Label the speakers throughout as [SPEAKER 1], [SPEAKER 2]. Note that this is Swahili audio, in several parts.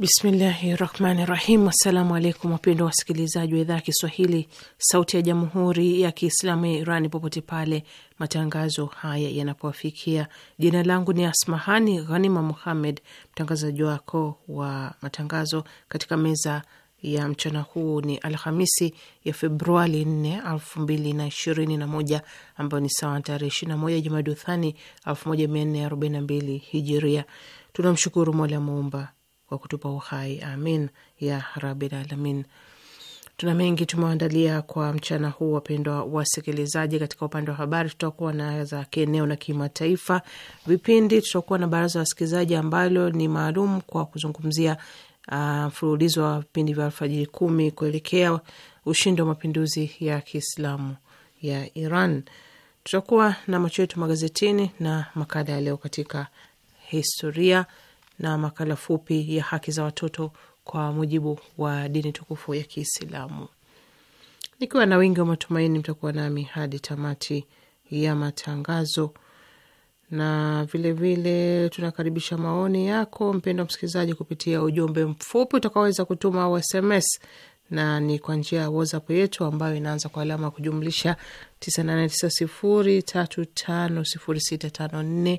[SPEAKER 1] Bismillahi rahmani rahim. Assalamu alaikum wapendo wasikilizaji wa idhaa ya Kiswahili sauti ya jamhuri ya Kiislamu ya Iran popote pale matangazo haya yanapowafikia. Jina langu ni Asmahani Ghanima Muhammed, mtangazaji wako wa matangazo katika meza ya mchana huu. Ni Alhamisi ya Februari 4 elfu ambayo ni sawa na tarehe 21 na Jumaduthani hijiria. Tunamshukuru Mola muumba kwa kutupa uhai, amin ya rabil alamin. Tuna mengi tumeandalia kwa mchana huu, wapendwa wasikilizaji. Katika upande wa habari, tutakuwa na za kieneo na kimataifa, vipindi tutakuwa na baraza la wasikilizaji ambalo ni maalum kwa kuzungumzia ah, mfululizo uh, wa vipindi vya alfajiri kumi kuelekea ushindi wa mapinduzi ya Kiislamu ya Iran. Tutakuwa na macho yetu magazetini na makala ya leo katika historia na makala fupi ya haki za watoto kwa mujibu wa dini tukufu ya Kiislamu. Nikiwa na wingi wa matumaini, mtakuwa nami hadi tamati ya matangazo, na vilevile vile tunakaribisha maoni yako mpendo msikilizaji, kupitia ujumbe mfupi utakaoweza kutuma au SMS na ni kwa njia ya WhatsApp yetu ambayo inaanza kwa alama ya kujumlisha 9890350654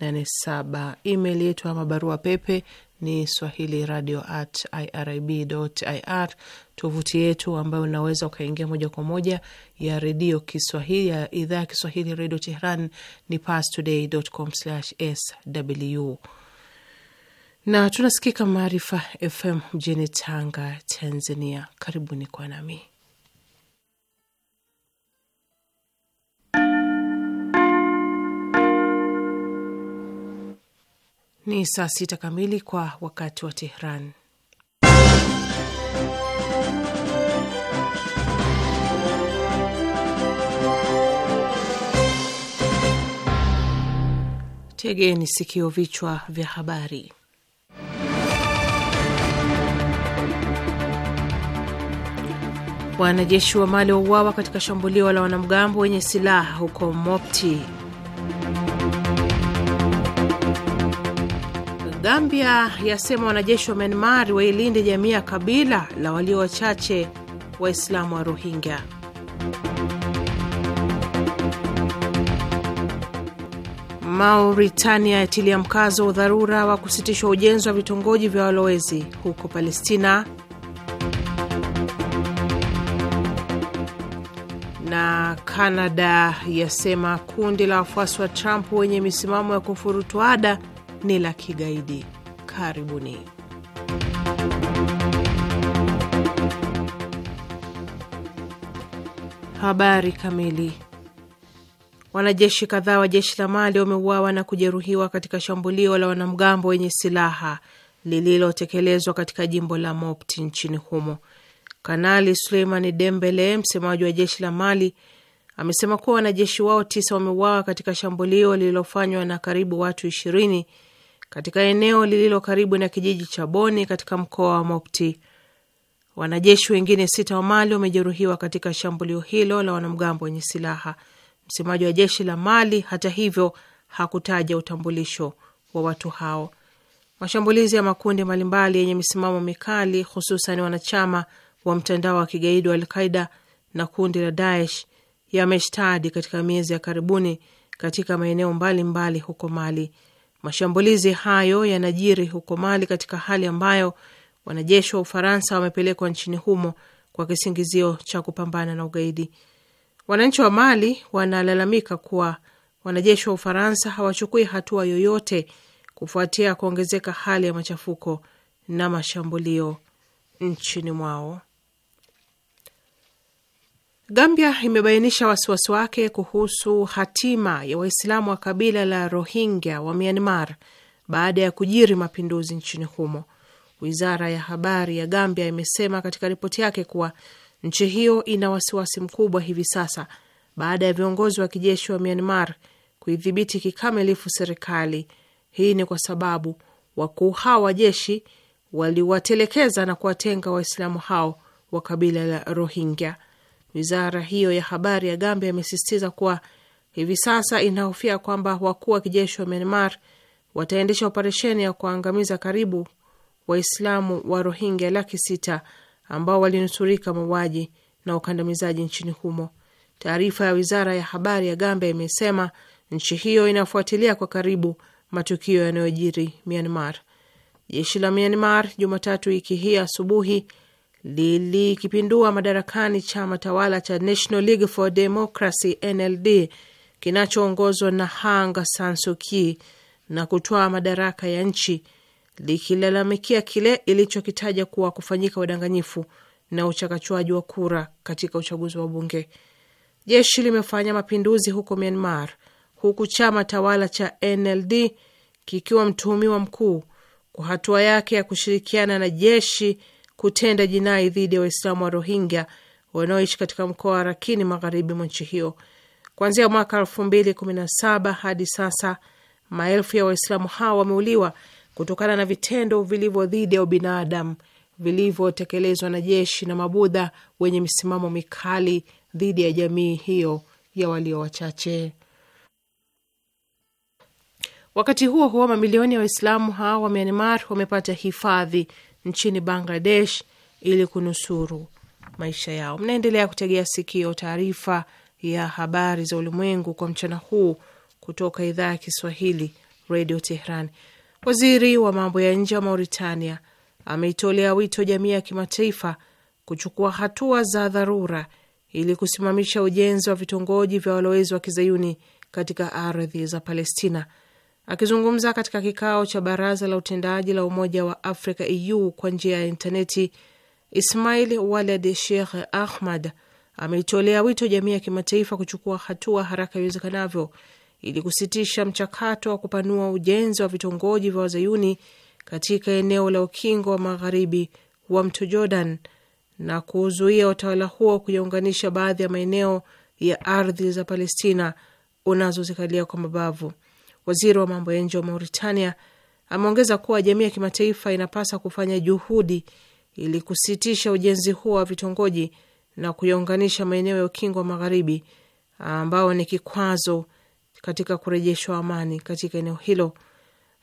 [SPEAKER 1] 87. Email yetu ama barua pepe ni swahili radio at irib ir. Tovuti yetu ambayo unaweza ukaingia moja kwa moja ya redio Kiswahili ya idhaa ya Kiswahili redio Tehran ni slash sw, na tunasikika Maarifa FM mjini Tanga, Tanzania. Karibuni kwa nami Ni saa sita kamili kwa wakati wa Tehran. Tegeni sikio, vichwa vya habari. Wanajeshi wa Mali wauawa katika shambulio la wanamgambo wenye silaha huko Mopti. Gambia yasema wanajeshi wa Myanmar wailinde jamii ya kabila la walio wachache Waislamu wa Rohingya. Mauritania yatilia mkazo wa udharura wa kusitishwa ujenzi wa vitongoji vya walowezi huko Palestina. Na Kanada yasema kundi la wafuasi wa Trump wenye misimamo ya kufurutu ada ni la kigaidi. Karibuni. Habari kamili. Wanajeshi kadhaa wa jeshi la Mali wameuawa na kujeruhiwa katika shambulio la wanamgambo wenye silaha lililotekelezwa katika jimbo la Mopti nchini humo. Kanali Suleimani Dembele, msemaji wa jeshi la Mali, amesema kuwa wanajeshi wao tisa wameuawa katika shambulio lililofanywa na karibu watu ishirini katika eneo lililo karibu na kijiji cha Boni katika mkoa wa Mopti. Wanajeshi wengine sita wa Mali wamejeruhiwa katika shambulio hilo la wanamgambo wenye silaha. Msemaji wa jeshi la Mali hata hivyo hakutaja utambulisho wa watu hao. Mashambulizi ya makundi mbalimbali yenye misimamo mikali, hususan wanachama wa mtandao wa kigaidi wa Alqaida na kundi la Daesh yameshtadi katika miezi ya karibuni katika maeneo mbalimbali huko Mali. Mashambulizi hayo yanajiri huko Mali katika hali ambayo wanajeshi wa Ufaransa wamepelekwa nchini humo kwa kisingizio cha kupambana na ugaidi. Wananchi wa Mali wanalalamika kuwa wanajeshi wa Ufaransa hawachukui hatua yoyote kufuatia kuongezeka hali ya machafuko na mashambulio nchini mwao. Gambia imebainisha wasiwasi wake kuhusu hatima ya Waislamu wa kabila la Rohingya wa Myanmar baada ya kujiri mapinduzi nchini humo. Wizara ya habari ya Gambia imesema katika ripoti yake kuwa nchi hiyo ina wasiwasi mkubwa hivi sasa baada ya viongozi wa kijeshi wa Myanmar kuidhibiti kikamilifu serikali. Hii ni kwa sababu wakuu hao wa jeshi waliwatelekeza na kuwatenga Waislamu hao wa kabila la Rohingya. Wizara hiyo ya habari ya Gambia imesisitiza kuwa hivi sasa inahofia kwamba wakuu wa kijeshi wa Myanmar wataendesha operesheni ya kuangamiza karibu Waislamu wa Rohingya laki sita ambao walinusurika mauaji na ukandamizaji nchini humo. Taarifa ya wizara ya habari ya Gambia imesema nchi hiyo inafuatilia kwa karibu matukio yanayojiri Myanmar. Jeshi la Myanmar Jumatatu wiki hii asubuhi lilikipindua madarakani chama tawala cha National League for Democracy NLD kinachoongozwa na Hanga sansuki na kutoa madaraka ya nchi likilalamikia kile ilichokitaja kuwa kufanyika udanganyifu na uchakachwaji wa kura katika uchaguzi wa bunge. Jeshi limefanya mapinduzi huko Myanmar, huku chama tawala cha NLD kikiwa mtuhumiwa mkuu kwa hatua yake ya kushirikiana na jeshi kutenda jinai dhidi ya Waislamu wa Rohingya wanaoishi katika mkoa wa Rakini, magharibi mwa nchi hiyo. Kuanzia mwaka elfu mbili kumi na saba hadi sasa, maelfu ya Waislamu hao wameuliwa kutokana na vitendo vilivyo dhidi ya ubinadamu vilivyotekelezwa na jeshi na mabudha wenye misimamo mikali dhidi ya jamii hiyo ya walio wachache. Wakati huo huo, mamilioni ya Waislamu hao wa Myanmar wamepata hifadhi nchini Bangladesh ili kunusuru maisha yao. Mnaendelea kutegea sikio taarifa ya habari za ulimwengu kwa mchana huu kutoka idhaa ya Kiswahili Radio Tehran. Waziri wa mambo ya nje wa Mauritania ameitolea wito jamii ya kimataifa kuchukua hatua za dharura ili kusimamisha ujenzi wa vitongoji vya walowezi wa kizayuni katika ardhi za Palestina Akizungumza katika kikao cha baraza la utendaji la Umoja wa Afrika EU kwa njia ya intaneti, Ismail Walad Sheikh Ahmad ameitolea wito jamii ya kimataifa kuchukua hatua haraka iwezekanavyo ili kusitisha mchakato wa kupanua ujenzi wa vitongoji vya wazayuni katika eneo la ukingo wa magharibi wa mto Jordan na kuzuia utawala huo kuyaunganisha baadhi ya maeneo ya ardhi za Palestina unazozikalia kwa mabavu. Waziri wa mambo ya nje wa Mauritania ameongeza kuwa jamii ya kimataifa inapaswa kufanya juhudi ili kusitisha ujenzi huo wa vitongoji na kuyaunganisha maeneo ya ukingo wa magharibi ambao ni kikwazo katika kurejeshwa amani katika eneo hilo.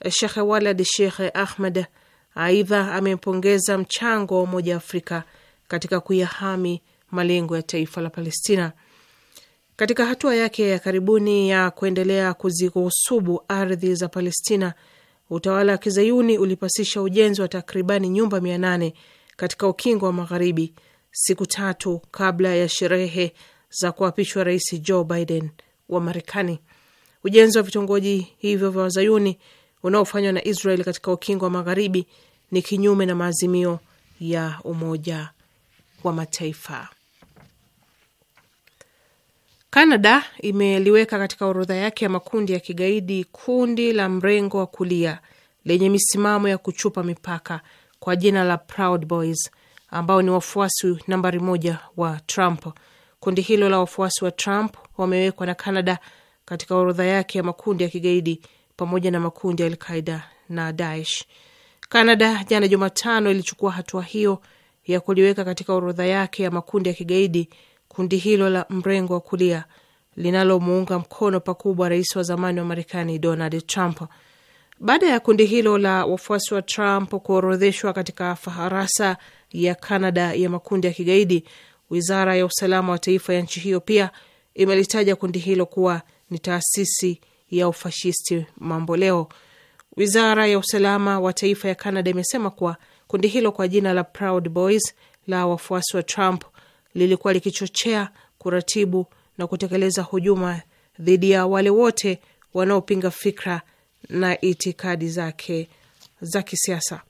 [SPEAKER 1] Shekhe Walad Shekhe Ahmed aidha amepongeza mchango wa Umoja wa Afrika katika kuyahami malengo ya taifa la Palestina. Katika hatua yake ya karibuni ya kuendelea kuzikusubu ardhi za Palestina, utawala wa kizayuni ulipasisha ujenzi wa takribani nyumba mia nane katika ukingo wa magharibi siku tatu kabla ya sherehe za kuapishwa Rais Joe Biden wa Marekani. Ujenzi wa vitongoji hivyo vya wazayuni unaofanywa na Israel katika ukingo wa magharibi ni kinyume na maazimio ya Umoja wa Mataifa. Kanada imeliweka katika orodha yake ya makundi ya kigaidi kundi la mrengo wa kulia lenye misimamo ya kuchupa mipaka kwa jina la Proud Boys ambao ni wafuasi nambari moja wa Trump. Kundi hilo la wafuasi wa Trump wamewekwa na Canada katika orodha yake ya makundi ya kigaidi pamoja na makundi ya Alqaida na Daesh. Canada jana Jumatano ilichukua hatua hiyo ya kuliweka katika orodha yake ya makundi ya kigaidi kundi hilo la mrengo wa kulia linalomuunga mkono pakubwa rais wa zamani wa Marekani Donald Trump. Baada ya kundi hilo la wafuasi wa Trump kuorodheshwa katika faharasa ya Kanada ya makundi ya kigaidi, wizara ya usalama wa taifa ya nchi hiyo pia imelitaja kundi hilo kuwa ni taasisi ya ufashisti mambo leo. Wizara ya usalama wa taifa ya Kanada imesema kuwa kundi hilo kwa jina la Proud Boys la wafuasi wa Trump lilikuwa likichochea, kuratibu na kutekeleza hujuma dhidi ya wale wote wanaopinga fikra na itikadi zake za kisiasa.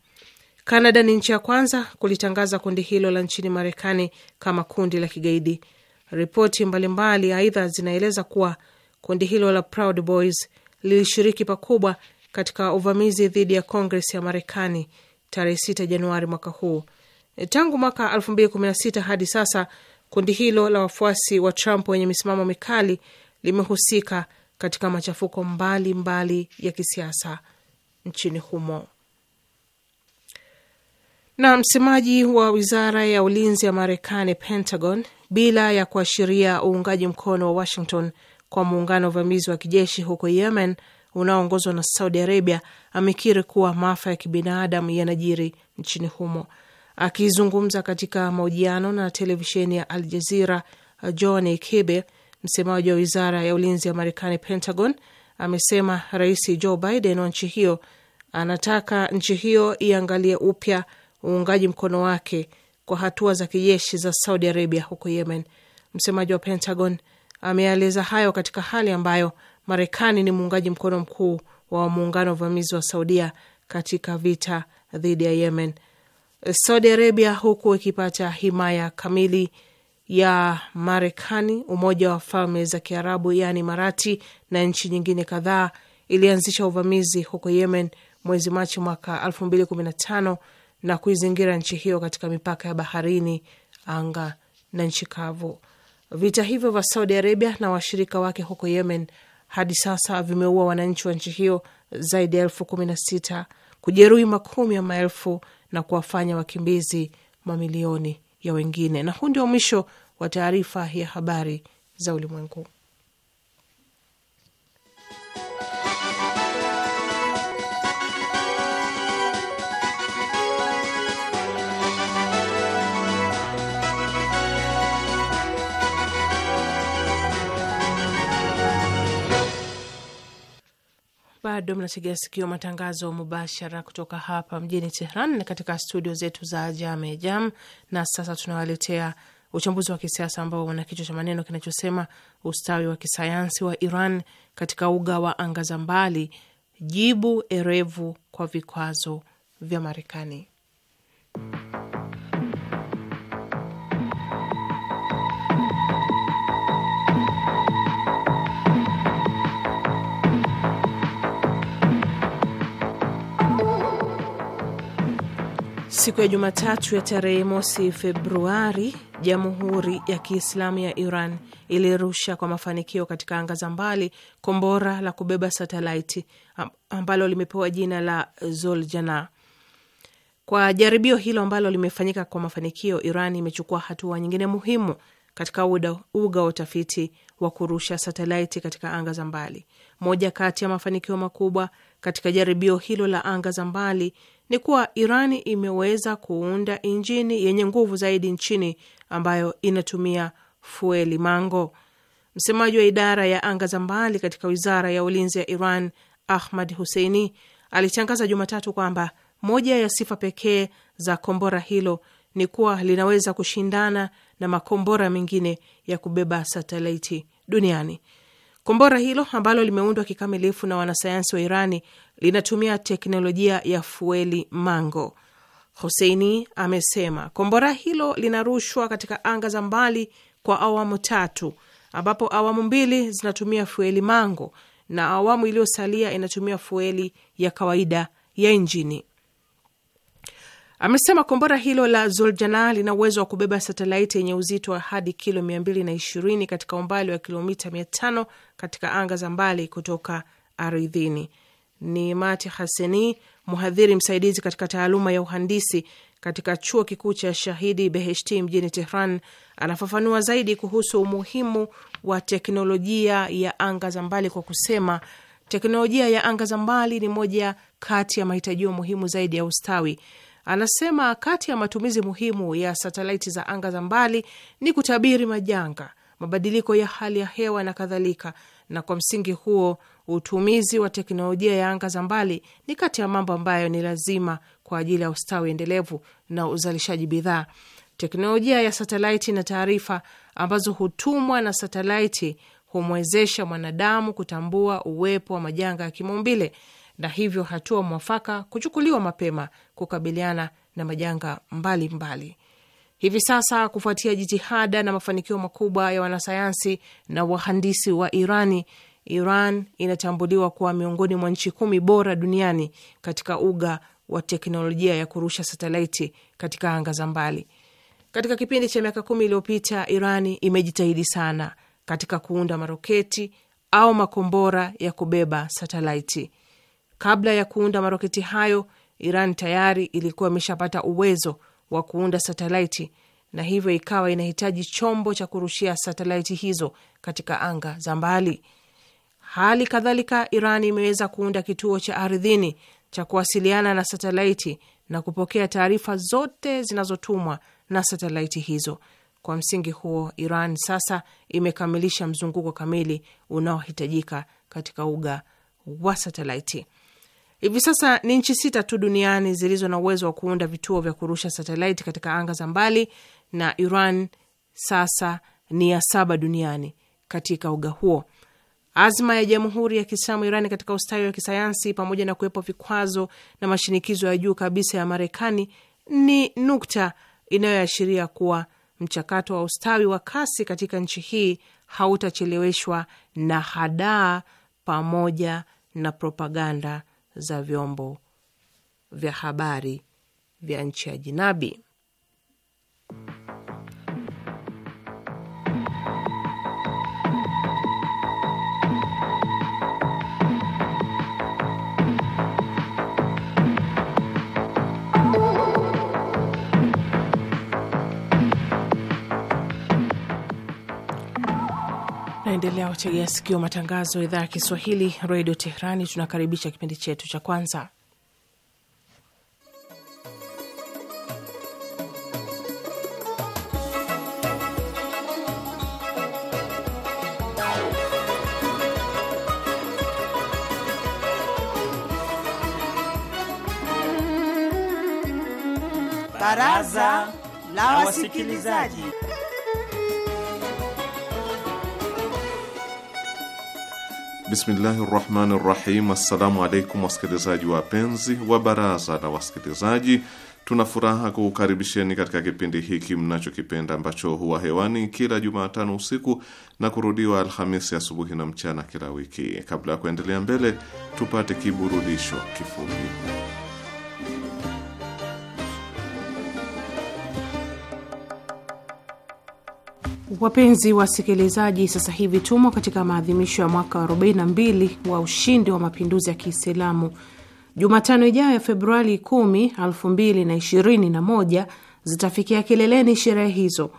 [SPEAKER 1] Kanada ni nchi ya kwanza kulitangaza kundi hilo la nchini Marekani kama kundi la kigaidi. Ripoti mbalimbali aidha zinaeleza kuwa kundi hilo la Proud Boys lilishiriki pakubwa katika uvamizi dhidi ya Kongres ya Marekani tarehe 6 Januari mwaka huu Eh, tangu mwaka 2016 hadi sasa kundi hilo la wafuasi wa Trump wenye misimamo mikali limehusika katika machafuko mbalimbali mbali ya kisiasa nchini humo. Na msemaji wa wizara ya ulinzi ya Marekani, Pentagon, bila ya kuashiria uungaji mkono wa Washington kwa muungano wa uvamizi wa kijeshi huko Yemen unaoongozwa na Saudi Arabia, amekiri kuwa maafa ya kibinadamu yanajiri nchini humo. Akizungumza katika mahojiano na televisheni ya Al Jazira, John Kibe, msemaji wa wizara ya ulinzi ya Marekani, Pentagon, amesema Rais Joe Biden wa nchi hiyo anataka nchi hiyo iangalie upya uungaji mkono wake kwa hatua za kijeshi za Saudi Arabia huko Yemen. Msemaji wa Pentagon ameeleza hayo katika hali ambayo Marekani ni muungaji mkono mkuu wa muungano wa uvamizi wa Saudia katika vita dhidi ya Yemen. Saudi Arabia huku ikipata himaya kamili ya Marekani, Umoja wa Falme za Kiarabu yaani Marati na nchi nyingine kadhaa ilianzisha uvamizi huko Yemen mwezi Machi mwaka 2015 na kuizingira nchi hiyo katika mipaka ya baharini, anga na nchi kavu. Vita hivyo vya Saudi Arabia na washirika wake huko Yemen hadi sasa vimeua wananchi wa nchi hiyo zaidi ya elfu kumi na sita, kujeruhi makumi ya maelfu na kuwafanya wakimbizi mamilioni ya wengine. Na huu ndio mwisho wa taarifa ya habari za ulimwengu. Bado mnategea sikio matangazo mubashara kutoka hapa mjini Tehran na katika studio zetu za Jame Jam. Na sasa tunawaletea uchambuzi wa kisiasa ambao una kichwa cha maneno kinachosema ustawi wa kisayansi wa Iran katika uga wa anga za mbali, jibu erevu kwa vikwazo vya Marekani. Siku ya Jumatatu ya tarehe mosi Februari, Jamhuri ya Kiislamu ya Iran ilirusha kwa mafanikio katika anga za mbali kombora la kubeba satelaiti ambalo limepewa jina la Zoljana. Kwa jaribio hilo ambalo limefanyika kwa mafanikio, Iran imechukua hatua nyingine muhimu katika uga wa utafiti wa kurusha satelaiti katika anga za mbali. Moja kati ya mafanikio makubwa katika jaribio hilo la anga za mbali ni kuwa Irani imeweza kuunda injini yenye nguvu zaidi nchini ambayo inatumia fueli mango. Msemaji wa idara ya anga za mbali katika wizara ya ulinzi ya Iran, Ahmad Huseini, alitangaza Jumatatu kwamba moja ya sifa pekee za kombora hilo ni kuwa linaweza kushindana na makombora mengine ya kubeba satelaiti duniani. Kombora hilo ambalo limeundwa kikamilifu na wanasayansi wa Irani linatumia teknolojia ya fueli mango. Hoseini amesema kombora hilo linarushwa katika anga za mbali kwa awamu tatu, ambapo awamu mbili zinatumia fueli mango na awamu iliyosalia inatumia fueli ya kawaida ya injini. Amesema kombora hilo la Zoljana lina uwezo wa kubeba satelaiti yenye uzito wa hadi kilo 220 katika umbali wa kilomita tano katika anga za mbali kutoka ardhini ni Mati Haseni, mhadhiri msaidizi katika taaluma ya uhandisi katika chuo kikuu cha Shahidi Beheshti mjini Tehran, anafafanua zaidi kuhusu umuhimu wa teknolojia ya anga za mbali kwa kusema, teknolojia ya anga za mbali ni moja kati ya mahitajio muhimu zaidi ya ustawi. Anasema kati ya matumizi muhimu ya satelaiti za anga za mbali ni kutabiri majanga, mabadiliko ya hali ya hewa na kadhalika, na kwa msingi huo utumizi wa teknolojia ya anga za mbali ni kati ya mambo ambayo ni lazima kwa ajili ya ustawi endelevu na uzalishaji bidhaa. Teknolojia ya satelaiti na taarifa ambazo hutumwa na satelaiti humwezesha mwanadamu kutambua uwepo wa majanga ya kimaumbile na hivyo hatua mwafaka kuchukuliwa mapema kukabiliana na majanga mbalimbali mbali. Hivi sasa kufuatia jitihada na mafanikio makubwa ya wanasayansi na wahandisi wa Irani Iran inatambuliwa kuwa miongoni mwa nchi kumi bora duniani katika uga wa teknolojia ya kurusha satelaiti katika anga za mbali. Katika kipindi cha miaka kumi iliyopita, Irani imejitahidi sana katika kuunda maroketi au makombora ya kubeba satelaiti. Kabla ya kuunda maroketi hayo, Iran tayari ilikuwa imeshapata uwezo wa kuunda satelaiti na hivyo ikawa inahitaji chombo cha kurushia satelaiti hizo katika anga za mbali. Hali kadhalika, Iran imeweza kuunda kituo cha ardhini cha kuwasiliana na satelaiti na kupokea taarifa zote zinazotumwa na satelaiti hizo. Kwa msingi huo, Iran sasa imekamilisha mzunguko kamili unaohitajika katika uga wa satelaiti. Hivi sasa ni nchi sita tu duniani zilizo na uwezo wa kuunda vituo vya kurusha satelaiti katika anga za mbali, na Iran sasa ni ya saba duniani katika uga huo. Azma ya Jamhuri ya Kiislamu Irani katika ustawi wa kisayansi pamoja na kuwepo vikwazo na mashinikizo ya juu kabisa ya Marekani ni nukta inayoashiria kuwa mchakato wa ustawi wa kasi katika nchi hii hautacheleweshwa na hadaa pamoja na propaganda za vyombo vya habari vya nchi ya jinabi. Naendelea kutegea sikio matangazo ya idhaa ya Kiswahili redio Teherani. Tunakaribisha kipindi chetu cha kwanza
[SPEAKER 2] Baraza la Wasikilizaji.
[SPEAKER 3] Bismillahi rahmani rahim. Assalamu alaikum wasikilizaji wapenzi wa baraza la wasikilizaji, tuna furaha kukukaribisheni katika kipindi hiki mnachokipenda ambacho huwa hewani kila Jumatano usiku na kurudiwa Alhamisi asubuhi na mchana kila wiki. Kabla ya kuendelea mbele, tupate kiburudisho kifupi.
[SPEAKER 1] Wapenzi wasikilizaji, sasa hivi tumo katika maadhimisho ya mwaka 42 wa ushindi wa mapinduzi ya Kiislamu. Jumatano ijayo ya Februari 10, 2021 zitafikia kileleni sherehe hizo,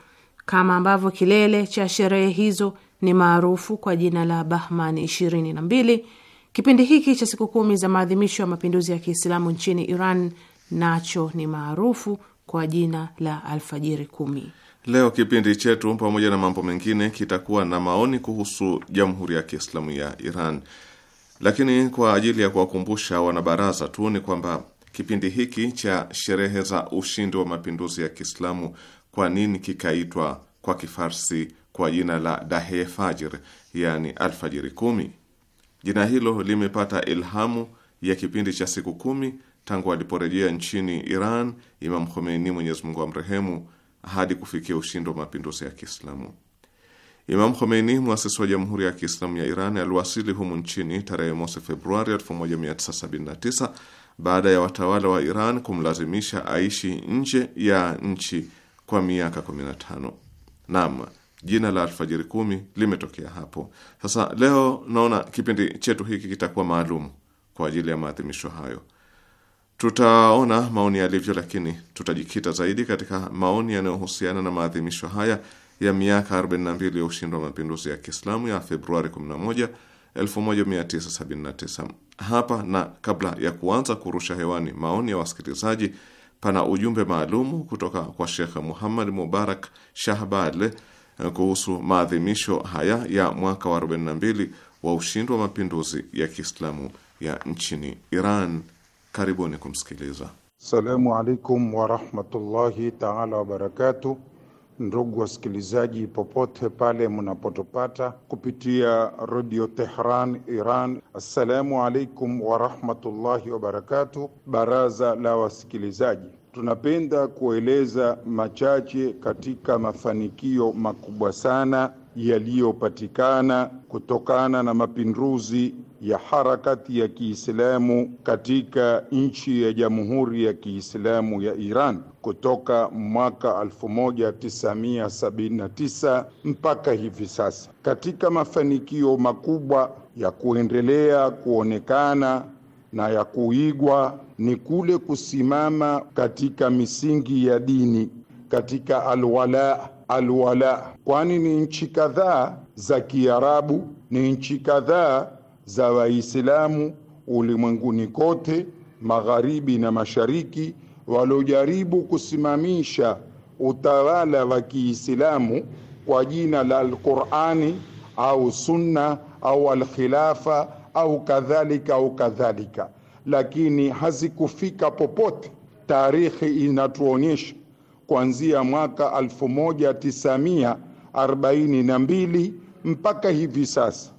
[SPEAKER 1] kama ambavyo kilele cha sherehe hizo ni maarufu kwa jina la Bahman 22. Kipindi hiki cha siku kumi za maadhimisho ya mapinduzi ya Kiislamu nchini Iran nacho ni maarufu kwa jina la alfajiri kumi.
[SPEAKER 3] Leo kipindi chetu pamoja na mambo mengine kitakuwa na maoni kuhusu Jamhuri ya Kiislamu ya Iran, lakini kwa ajili ya kuwakumbusha wanabaraza tu ni kwamba kipindi hiki cha sherehe za ushindi wa mapinduzi ya Kiislamu kwa nini kikaitwa kwa Kifarsi kwa jina la Dahe Fajr, yani alfajiri kumi? Jina hilo limepata ilhamu ya kipindi cha siku kumi tangu aliporejea nchini Iran Imam Khomeini, Mwenyezi Mungu amrehemu hadi kufikia ushindi wa mapinduzi ya Kiislamu. Imam Khomeini, mwasisi wa Jamhuri ya Kiislamu ya Iran, aliwasili humu nchini tarehe mosi Februari 1979 baada ya watawala wa Iran kumlazimisha aishi nje ya nchi kwa miaka 15. Naam, jina la Alfajiri Kumi limetokea hapo. Sasa leo naona kipindi chetu hiki kitakuwa maalum kwa ajili ya maadhimisho hayo. Tutaona maoni yalivyo, lakini tutajikita zaidi katika maoni yanayohusiana na maadhimisho haya ya miaka 42 ya ushindi wa mapinduzi ya Kiislamu ya Februari 11, 1979. Hapa na kabla ya kuanza kurusha hewani maoni ya wasikilizaji, pana ujumbe maalumu kutoka kwa Shekh Muhammad Mubarak Shahbal kuhusu maadhimisho haya ya mwaka wa 42 wa ushindi wa mapinduzi ya Kiislamu ya nchini Iran. Karibuni kumsikiliza.
[SPEAKER 4] Assalamu alaikum warahmatullahi taala wabarakatu. Ndugu wasikilizaji, popote pale mnapotupata kupitia redio Tehran Iran, assalamu alaikum warahmatullahi wabarakatu. Baraza la wasikilizaji, tunapenda kueleza machache katika mafanikio makubwa sana yaliyopatikana kutokana na mapinduzi ya harakati ya Kiislamu katika nchi ya Jamhuri ya Kiislamu ya Iran kutoka mwaka 1979 mpaka hivi sasa, katika mafanikio makubwa ya kuendelea kuonekana na ya kuigwa ni kule kusimama katika misingi ya dini katika alwala alwala, kwani ni nchi kadhaa za Kiarabu, ni nchi kadhaa za Waislamu ulimwenguni kote, magharibi na mashariki, waliojaribu kusimamisha utawala wa Kiislamu kwa jina la Alqurani au Sunna au Alkhilafa au kadhalika au kadhalika, lakini hazikufika popote. Tarikhi inatuonyesha kuanzia mwaka 1942 mpaka hivi sasa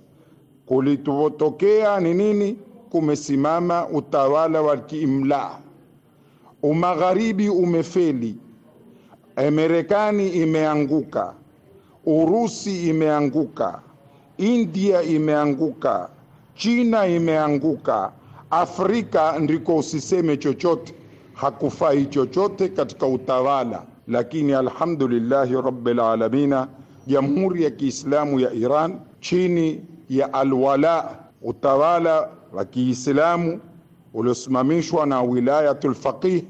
[SPEAKER 4] kulitotokea ni nini? Kumesimama utawala wa kiimla, umagharibi umefeli, Amerikani imeanguka, Urusi imeanguka, India imeanguka, China imeanguka, Afrika ndiko usiseme chochote, hakufai chochote katika utawala. Lakini alhamdulillahi rabbil alamina, jamhuri ya Kiislamu ya Iran chini ya alwala, utawala wa Kiislamu uliosimamishwa na wilayatul faqih,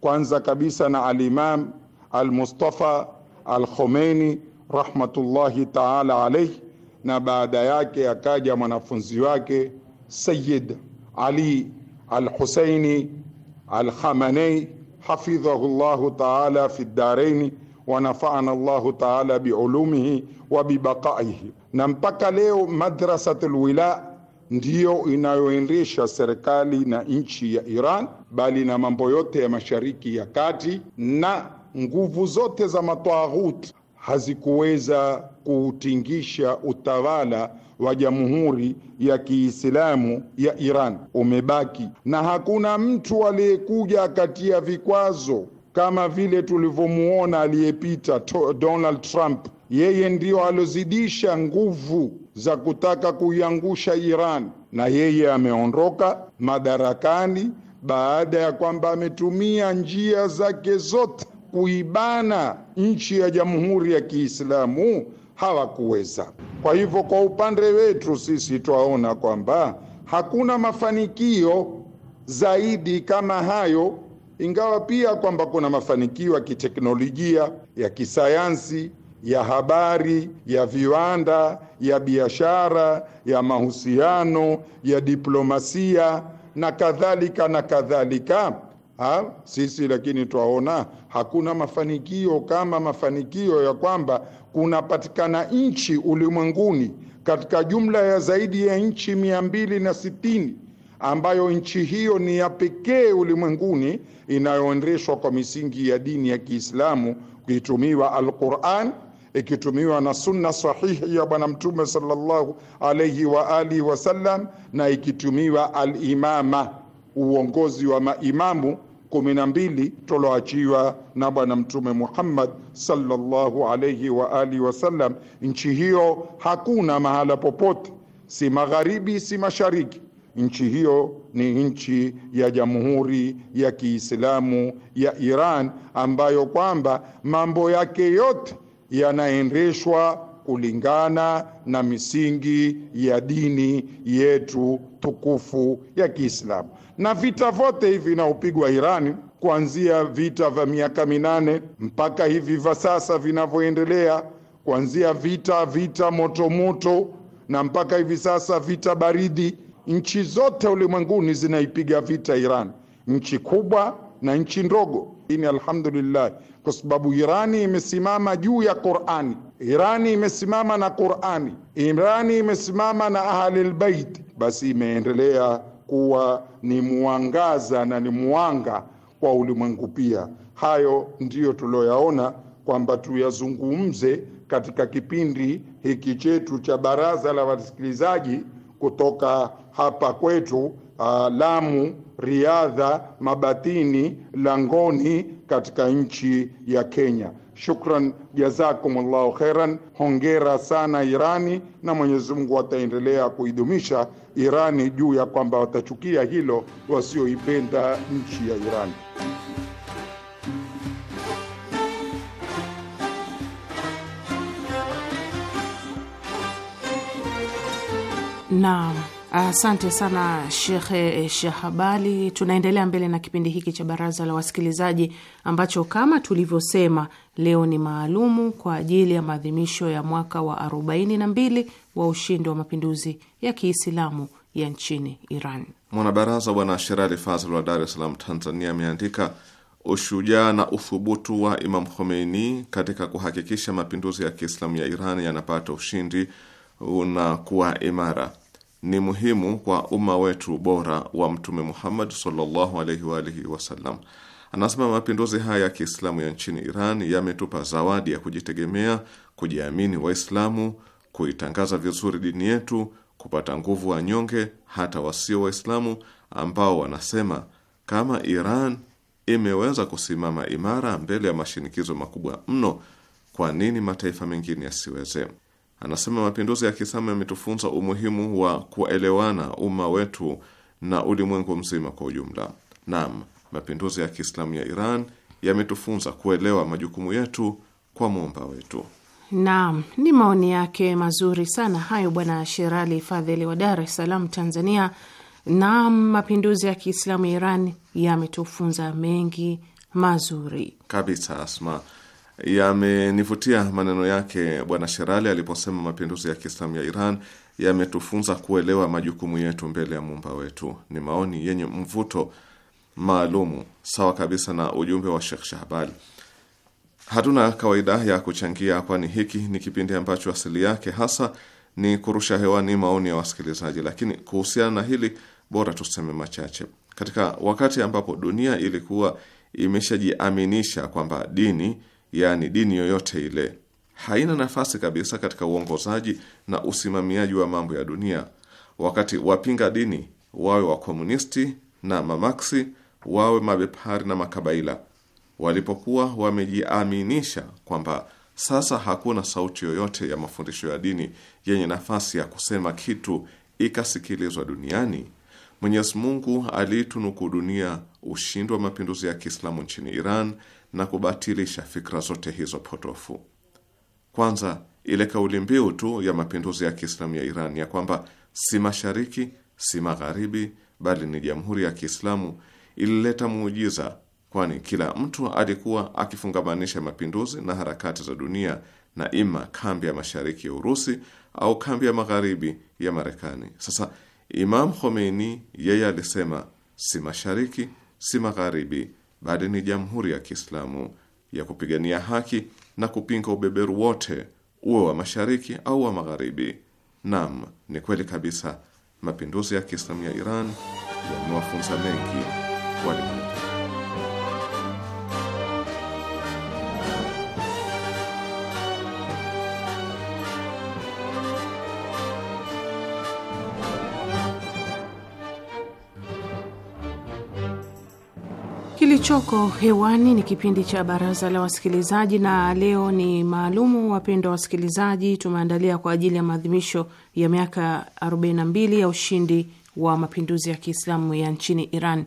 [SPEAKER 4] kwanza kabisa na alimam almustafa alkhomeini rahmatullahi taala alayhi, na baada yake akaja mwanafunzi wake Sayyid Ali alhuseini alkhamenei hafidhahu llahu taala fi ddaraini wa nafaana llahu taala biulumihi wa bibaqaihi na mpaka leo madrasatul wila ndiyo inayoendesha serikali na nchi ya Iran, bali na mambo yote ya Mashariki ya Kati, na nguvu zote za matawaghuti hazikuweza kuutingisha utawala wa Jamhuri ya Kiislamu ya Iran, umebaki na hakuna mtu aliyekuja akatia vikwazo kama vile tulivyomuona aliyepita Donald Trump yeye ndiyo alozidisha nguvu za kutaka kuiangusha Iran, na yeye ameondoka madarakani baada ya kwamba ametumia njia zake zote kuibana nchi ya Jamhuri ya Kiislamu hawakuweza. Kwa hivyo, kwa upande wetu sisi twaona kwamba hakuna mafanikio zaidi kama hayo, ingawa pia kwamba kuna mafanikio ya kiteknolojia, ya kisayansi ya habari, ya viwanda, ya biashara, ya mahusiano, ya diplomasia na kadhalika na kadhalika. Ha, sisi lakini twaona hakuna mafanikio kama mafanikio ya kwamba kunapatikana nchi ulimwenguni katika jumla ya zaidi ya nchi mia mbili na sitini ambayo nchi hiyo ni ya pekee ulimwenguni inayoendeshwa kwa misingi ya dini ya Kiislamu kuitumiwa Al-Qur'an ikitumiwa na sunna sahihi ya Bwana Mtume sallallahu alayhi wa alihi wasallam, na ikitumiwa alimama, uongozi wa maimamu kumi na mbili toloachiwa na Bwana Mtume Muhammad sallallahu alayhi wa alihi wasallam. Nchi hiyo hakuna mahala popote, si magharibi si mashariki nchi hiyo ni nchi ya Jamhuri ya Kiislamu ya Iran ambayo kwamba mambo yake yote yanaendeshwa kulingana na misingi ya dini yetu tukufu ya Kiislamu. Na vita vyote hivi vinaopigwa Irani kuanzia vita vya miaka minane mpaka hivi vya sasa vinavyoendelea, kuanzia vita vita motomoto moto, na mpaka hivi sasa vita baridi, nchi zote ulimwenguni zinaipiga vita Irani, nchi kubwa na nchi ndogo ini alhamdulillah, kwa sababu Irani imesimama juu ya Qurani. Irani imesimama na Qurani, Irani imesimama na Ahlilbeiti, basi imeendelea kuwa ni mwangaza na ni mwanga kwa ulimwengu pia. Hayo ndiyo tuloyaona kwamba tuyazungumze katika kipindi hiki chetu cha Baraza la Wasikilizaji kutoka hapa kwetu uh, Lamu, Riadha, Mabatini, Langoni katika nchi ya Kenya. Shukran, jazakumullahu khairan, hongera sana Irani, na Mwenyezi Mungu ataendelea kuidumisha Irani juu ya kwamba watachukia hilo wasioipenda nchi ya Irani.
[SPEAKER 1] Naam. Asante sana Shekhe Shahabali. Tunaendelea mbele na kipindi hiki cha Baraza la Wasikilizaji ambacho kama tulivyosema leo ni maalumu kwa ajili ya maadhimisho ya mwaka wa 42 wa ushindi wa mapinduzi ya Kiislamu ya nchini Iran.
[SPEAKER 3] Mwanabaraza Bwana Sherali Fazl wa Dar es Salaam, Tanzania, ameandika ushujaa na uthubutu wa Imam Khomeini katika kuhakikisha mapinduzi ya Kiislamu ya Iran yanapata ushindi unakuwa imara ni muhimu kwa umma wetu bora wa Mtume Muhammad sallallahu alaihi wa alihi wasallam. Anasema mapinduzi haya ya Kiislamu ya nchini Iran yametupa zawadi ya kujitegemea, kujiamini Waislamu, kuitangaza vizuri dini yetu, kupata nguvu wanyonge, hata wasio Waislamu ambao wanasema kama Iran imeweza kusimama imara mbele ya mashinikizo makubwa mno, kwa nini mataifa mengine yasiweze? Anasema mapinduzi ya Kiislamu yametufunza umuhimu wa kuelewana umma wetu na ulimwengu mzima kwa ujumla. Naam, mapinduzi ya Kiislamu ya Iran yametufunza kuelewa majukumu yetu kwa muumba wetu.
[SPEAKER 1] Naam, ni maoni yake mazuri sana hayo, Bwana Sherali Fadheli wa Dar es Salaam, Tanzania. Naam, mapinduzi ya Kiislamu ya Iran yametufunza mengi mazuri
[SPEAKER 3] kabisa, Asma. Yamenivutia maneno yake Bwana Sherali aliposema mapinduzi ya Kiislamu ya Iran yametufunza kuelewa majukumu yetu mbele ya muumba wetu. Ni maoni yenye mvuto maalumu, sawa kabisa na ujumbe wa Shekh Shahbal. Hatuna kawaida ya kuchangia, kwani hiki ni kipindi ambacho asili yake hasa ni kurusha hewani maoni ya wasikilizaji, lakini kuhusiana na hili bora tuseme machache. Katika wakati ambapo dunia ilikuwa imeshajiaminisha kwamba dini yaani dini yoyote ile, haina nafasi kabisa katika uongozaji na usimamiaji wa mambo ya dunia. Wakati wapinga dini wawe wakomunisti na mamaksi, wawe mabepari na makabaila, walipokuwa wamejiaminisha kwamba sasa hakuna sauti yoyote ya mafundisho ya dini yenye nafasi ya kusema kitu ikasikilizwa duniani, Mwenyezi Mungu aliitunuku dunia ushindi wa mapinduzi ya Kiislamu nchini Iran na kubatilisha fikra zote hizo potofu. Kwanza, ile kauli mbiu tu ya mapinduzi ya Kiislamu ya Iran ya kwamba si mashariki si magharibi, bali ni jamhuri ya Kiislamu ilileta muujiza, kwani kila mtu alikuwa akifungamanisha mapinduzi na harakati za dunia na ima kambi ya mashariki ya Urusi au kambi ya magharibi ya Marekani. Sasa Imam Khomeini yeye alisema si mashariki si magharibi bali ni jamhuri ya Kiislamu ya kupigania haki na kupinga ubeberu wote, uwe wa mashariki au wa magharibi. Naam, ni kweli kabisa, mapinduzi ya Kiislamu ya Iran yamewafunza mengi wali
[SPEAKER 1] Kilichoko hewani ni kipindi cha baraza la wasikilizaji, na leo ni maalumu. Wapendwa wasikilizaji, tumeandalia kwa ajili ya maadhimisho ya miaka 42 ya ushindi wa mapinduzi ya Kiislamu ya nchini Iran.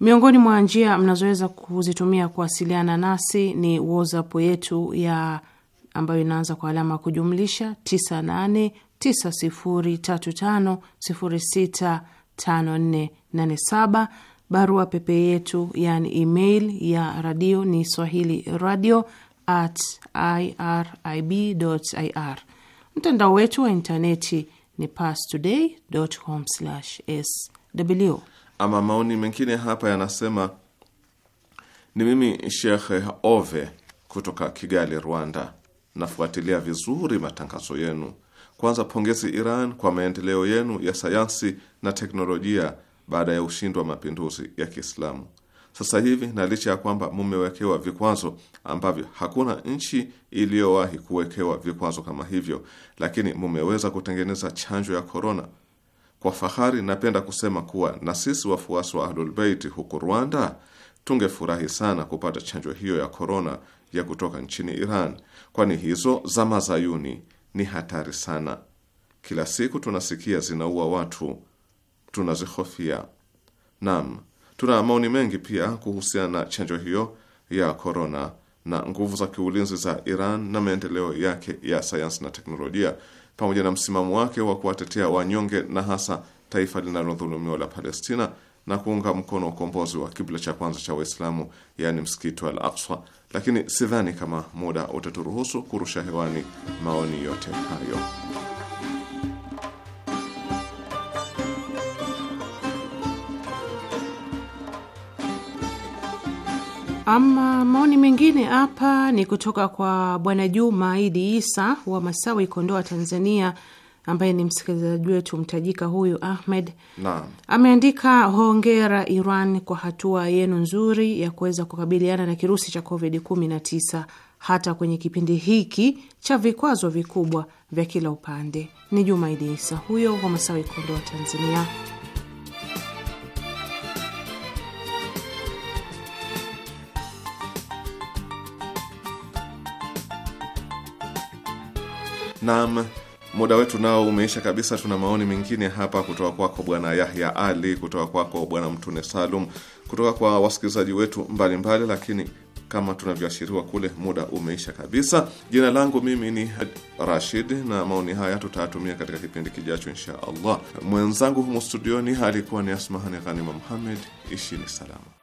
[SPEAKER 1] Miongoni mwa njia mnazoweza kuzitumia kuwasiliana nasi ni WhatsApp yetu ya ambayo inaanza kwa alama ya kujumlisha 989035065487 Barua pepe yetu yani email ya radio ni swahili radio at irib ir. Mtandao wetu wa intaneti ni pastoday com sw.
[SPEAKER 3] Ama maoni mengine hapa yanasema, ni mimi Shekhe Ove kutoka Kigali, Rwanda. Nafuatilia vizuri matangazo yenu. Kwanza pongezi Iran kwa maendeleo yenu ya sayansi na teknolojia baada ya ushindi wa mapinduzi ya Kiislamu. Sasa hivi na licha ya kwamba mumewekewa vikwazo ambavyo hakuna nchi iliyowahi kuwekewa vikwazo kama hivyo, lakini mumeweza kutengeneza chanjo ya korona. Kwa fahari napenda kusema kuwa na sisi wafuasi wa Ahlulbeiti huko Rwanda tungefurahi sana kupata chanjo hiyo ya korona ya kutoka nchini Iran, kwani hizo za mazayuni ni hatari sana. Kila siku tunasikia zinaua watu tunazihofia. Naam, tuna maoni mengi pia kuhusiana na chanjo hiyo ya korona na nguvu za kiulinzi za Iran na maendeleo yake ya sayansi na teknolojia pamoja na msimamo wake wa kuwatetea wanyonge na hasa taifa linalodhulumiwa la Palestina na kuunga mkono ukombozi wa kibla cha kwanza cha Waislamu, yaani msikiti wa Al-Aqsa, lakini sidhani kama muda utaturuhusu kurusha hewani maoni yote hayo.
[SPEAKER 1] Ama maoni mengine hapa ni kutoka kwa Bwana Juma Idi Isa wa Masawi, Kondoa, Tanzania, ambaye ni msikilizaji wetu mtajika huyu Ahmed na ameandika hongera Iran kwa hatua yenu nzuri ya kuweza kukabiliana na kirusi cha Covid 19 hata kwenye kipindi hiki cha vikwazo vikubwa vya kila upande. Ni Juma Idi Isa huyo wa Masawi, Kondoa, Tanzania.
[SPEAKER 3] Naam, muda wetu nao umeisha kabisa. Tuna maoni mengine hapa kutoka kwako Bwana Yahya Ali, kutoka kwako Bwana Mtune Salum, kutoka kwa wasikilizaji wetu mbalimbali, lakini kama tunavyoashiriwa kule, muda umeisha kabisa. Jina langu mimi ni Rashid, na maoni haya tutayatumia katika kipindi kijacho insha Allah. Mwenzangu humo studioni alikuwa ni Asmahani Ghanima Muhammed. Ishini salama.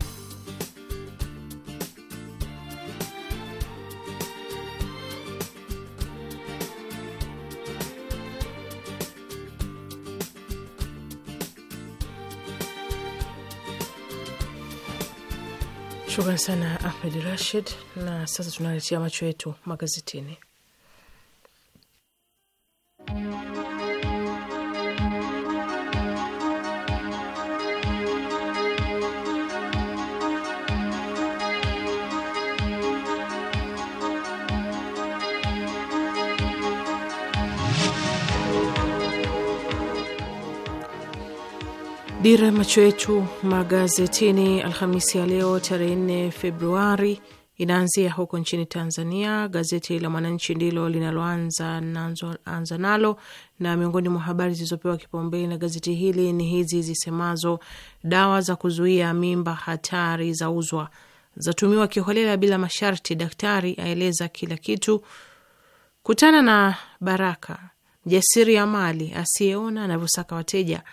[SPEAKER 1] Shukran sana Ahmed Rashid, na sasa tunaletea macho yetu magazetini. Dira macho yetu magazetini Alhamisi ya leo tarehe 4 Februari inaanzia huko nchini Tanzania. Gazeti la Mwananchi ndilo linaloanza anza nalo, na miongoni mwa habari zilizopewa kipaumbele na gazeti hili ni hizi zisemazo: dawa za kuzuia mimba hatari za uzwa zatumiwa kiholela bila masharti, daktari aeleza kila kitu. Kutana na Baraka, ya mali asiyeona anavyosaka wateja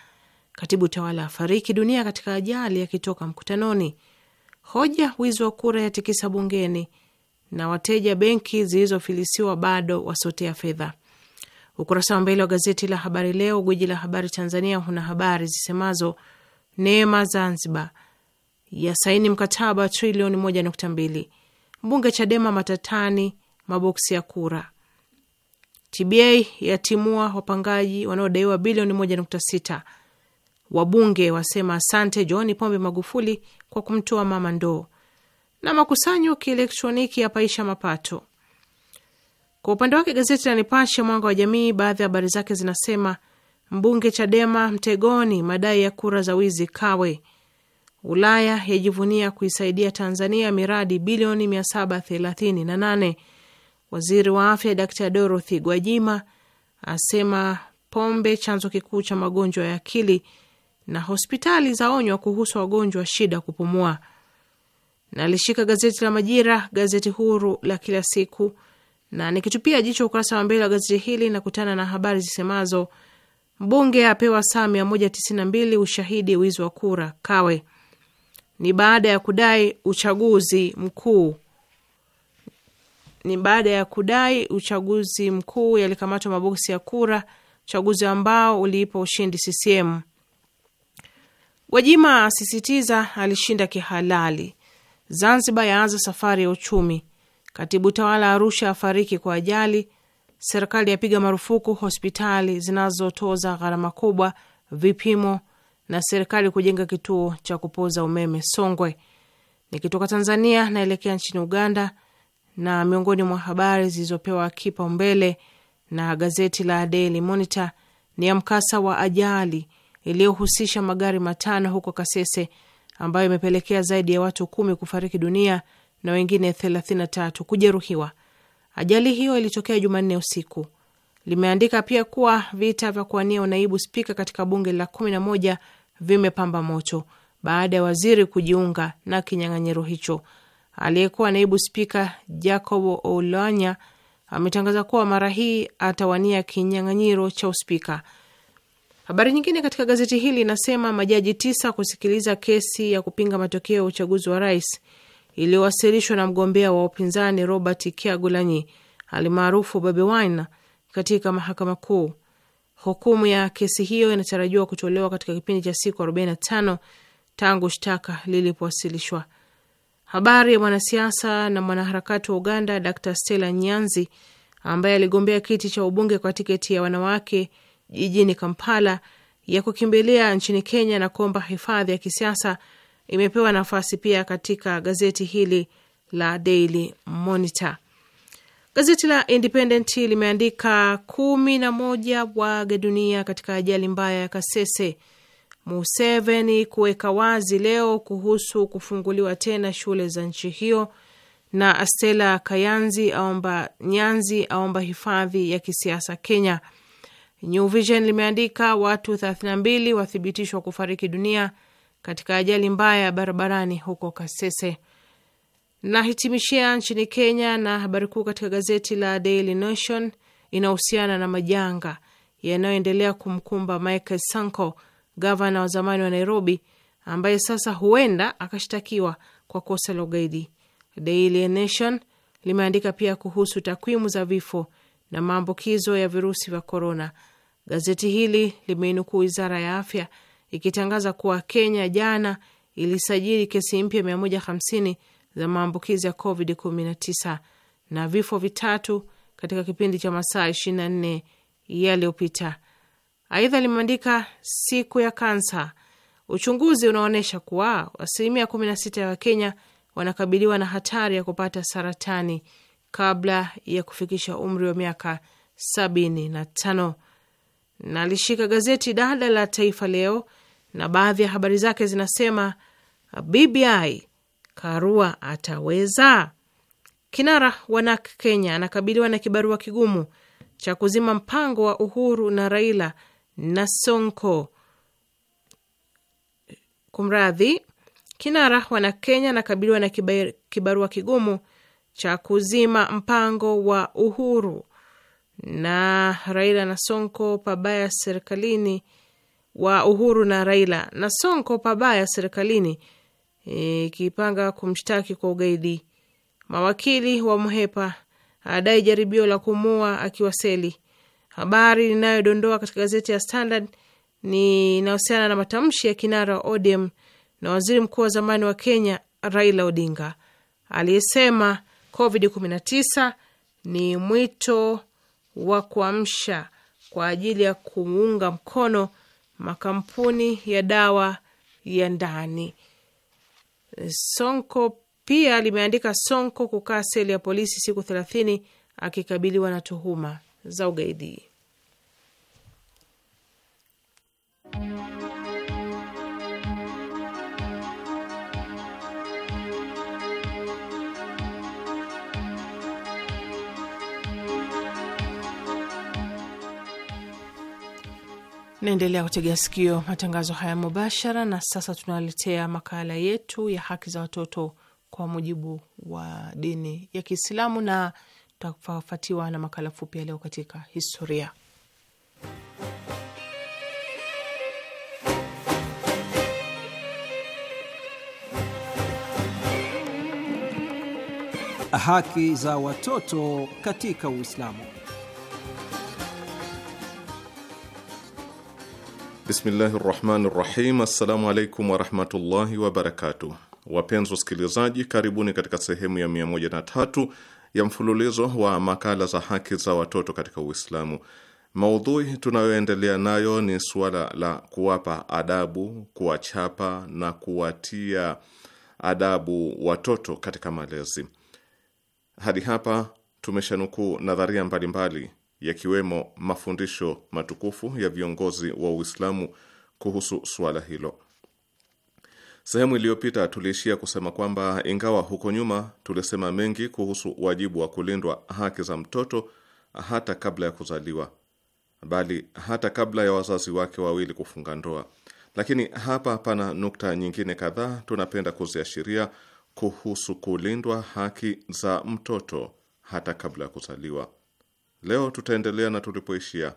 [SPEAKER 1] Katibu tawala afariki dunia katika ajali akitoka mkutanoni. Hoja wizi wa kura ya tikisa bungeni, na wateja benki zilizofilisiwa bado wasotea fedha. Ukurasa wa mbele wa gazeti la Habari Leo, gwiji la habari Tanzania, huna habari zisemazo neema Zanzibar ya saini mkataba trilioni moja nukta mbili, mbunge Chadema matatani maboksi ya kura, TBA yatimua wapangaji wanaodaiwa bilioni moja nukta sita Wabunge wasema asante John Pombe Magufuli kwa kumtoa mama ndoo. Na makusanyo kielektroniki yapaisha mapato. Kwa upande wake gazeti la Nipashe Mwanga wa Jamii, baadhi ya habari zake zinasema: mbunge Chadema mtegoni, madai ya kura za wizi Kawe. Ulaya yajivunia kuisaidia Tanzania miradi bilioni 738. Waziri wa afya Dkt Dorothy Gwajima asema pombe chanzo kikuu cha magonjwa ya akili na hospitali zaonywa kuhusu wagonjwa shida kupumua. Nalishika gazeti la Majira, gazeti huru la kila siku, na nikitupia jicho ukurasa wa mbele wa gazeti hili nakutana na habari zisemazo: mbunge apewa saa mbili ushahidi wizi wa kura Kawe, ni baada ya kudai uchaguzi mkuu ni baada ya kudai uchaguzi mkuu yalikamatwa maboksi ya kura, uchaguzi ambao uliipa ushindi CCM. Wajima asisitiza alishinda kihalali. Zanzibar yaanza safari ya uchumi. Katibu tawala Arusha afariki kwa ajali. Serikali yapiga marufuku hospitali zinazotoza gharama kubwa, vipimo na serikali kujenga kituo cha kupoza umeme Songwe. Nikitoka Tanzania naelekea nchini Uganda, na miongoni mwa habari zilizopewa kipaumbele na gazeti la Daily Monitor ni ya mkasa wa ajali iliyohusisha magari matano huko Kasese, ambayo imepelekea zaidi ya watu kumi kufariki dunia na wengine 33 kujeruhiwa. Ajali hiyo ilitokea Jumanne usiku. Limeandika pia kuwa vita vya kuwania unaibu spika katika bunge la 11 vimepamba moto baada ya waziri kujiunga na kinyang'anyiro hicho. Aliyekuwa naibu spika Jacob Oulanya ametangaza kuwa mara hii atawania kinyang'anyiro cha uspika Habari nyingine katika gazeti hili inasema majaji tisa kusikiliza kesi ya kupinga matokeo ya uchaguzi wa rais iliyowasilishwa na mgombea wa upinzani Robert Kyagulanyi alimaarufu Bobi Wine katika mahakama kuu. Hukumu ya kesi hiyo inatarajiwa kutolewa katika kipindi cha siku 45 tangu shtaka lilipowasilishwa. Habari ya mwanasiasa na mwanaharakati wa Uganda Dr Stella Nyanzi ambaye aligombea kiti cha ubunge kwa tiketi ya wanawake jijini Kampala ya kukimbilia nchini Kenya na kuomba hifadhi ya kisiasa imepewa nafasi pia katika gazeti hili la Daily Monitor. Gazeti la Independent limeandika kumi na moja waaga dunia katika ajali mbaya ya Kasese. Museveni kuweka wazi leo kuhusu kufunguliwa tena shule za nchi hiyo, na Astela Kayanzi aomba Nyanzi aomba hifadhi ya kisiasa Kenya. New Vision limeandika watu 32 wathibitishwa kufariki dunia katika ajali mbaya ya barabarani huko Kasese. Nahitimishia nchini Kenya, na habari kuu katika gazeti la Daily Nation inahusiana na majanga yanayoendelea kumkumba Michael Sanko, gavana wa zamani wa Nairobi, ambaye sasa huenda akashtakiwa kwa kosa la ugaidi. Daily Nation limeandika pia kuhusu takwimu za vifo na maambukizo ya virusi vya korona Gazeti hili limeinukuu wizara ya afya ikitangaza kuwa Kenya jana ilisajili kesi mpya 150 za maambukizi ya Covid 19 na vifo vitatu katika kipindi cha masaa 24 yaliyopita. Aidha limeandika siku ya kansa, uchunguzi unaonyesha kuwa asilimia 16 ya Wakenya wanakabiliwa na hatari ya kupata saratani kabla ya kufikisha umri wa miaka 75 na alishika gazeti dada la Taifa Leo, na baadhi ya habari zake zinasema: BBI Karua ataweza. Kinara wa NAK Kenya anakabiliwa na kibarua kigumu cha kuzima mpango wa Uhuru na Raila na Sonko. Kumradhi, kinara wa NAK Kenya anakabiliwa na kibarua kigumu cha kuzima mpango wa Uhuru na Raila na Sonko pabaya serikalini wa Uhuru na Raila na Sonko pabaya serikalini e, ikipanga e, kumshtaki kwa ugaidi. Mawakili wa Mhepa adai jaribio la kumua akiwa seli. Habari inayodondoa katika gazeti ya Standard ni inahusiana na matamshi ya kinara wa ODM na waziri mkuu wa zamani wa Kenya Raila Odinga aliyesema COVID-19 ni mwito wa kuamsha kwa ajili ya kuunga mkono makampuni ya dawa ya ndani. Sonko pia limeandika Sonko kukaa seli ya polisi siku thelathini akikabiliwa na tuhuma za ugaidi. Naendelea kutegea sikio matangazo haya mubashara, na sasa tunawaletea makala yetu ya haki za watoto kwa mujibu wa dini ya Kiislamu, na tutafuatiwa na makala fupi ya leo katika historia.
[SPEAKER 2] Haki za watoto katika Uislamu.
[SPEAKER 3] Bismillahi rahmani rahim. Assalamu alaikum warahmatullahi wabarakatuh. Wapenzi wasikilizaji, karibuni katika sehemu ya 103 ya mfululizo wa makala za haki za watoto katika Uislamu. Maudhui tunayoendelea nayo ni suala la kuwapa adabu, kuwachapa na kuwatia adabu watoto katika malezi. Hadi hapa tumeshanukuu nadharia mbalimbali yakiwemo mafundisho matukufu ya viongozi wa Uislamu kuhusu suala hilo. Sehemu iliyopita tuliishia kusema kwamba ingawa huko nyuma tulisema mengi kuhusu wajibu wa kulindwa haki za mtoto hata kabla ya kuzaliwa, bali hata kabla ya wazazi wake wawili kufunga ndoa, lakini hapa pana nukta nyingine kadhaa tunapenda kuziashiria kuhusu kulindwa haki za mtoto hata kabla ya kuzaliwa. Leo tutaendelea na tulipoishia,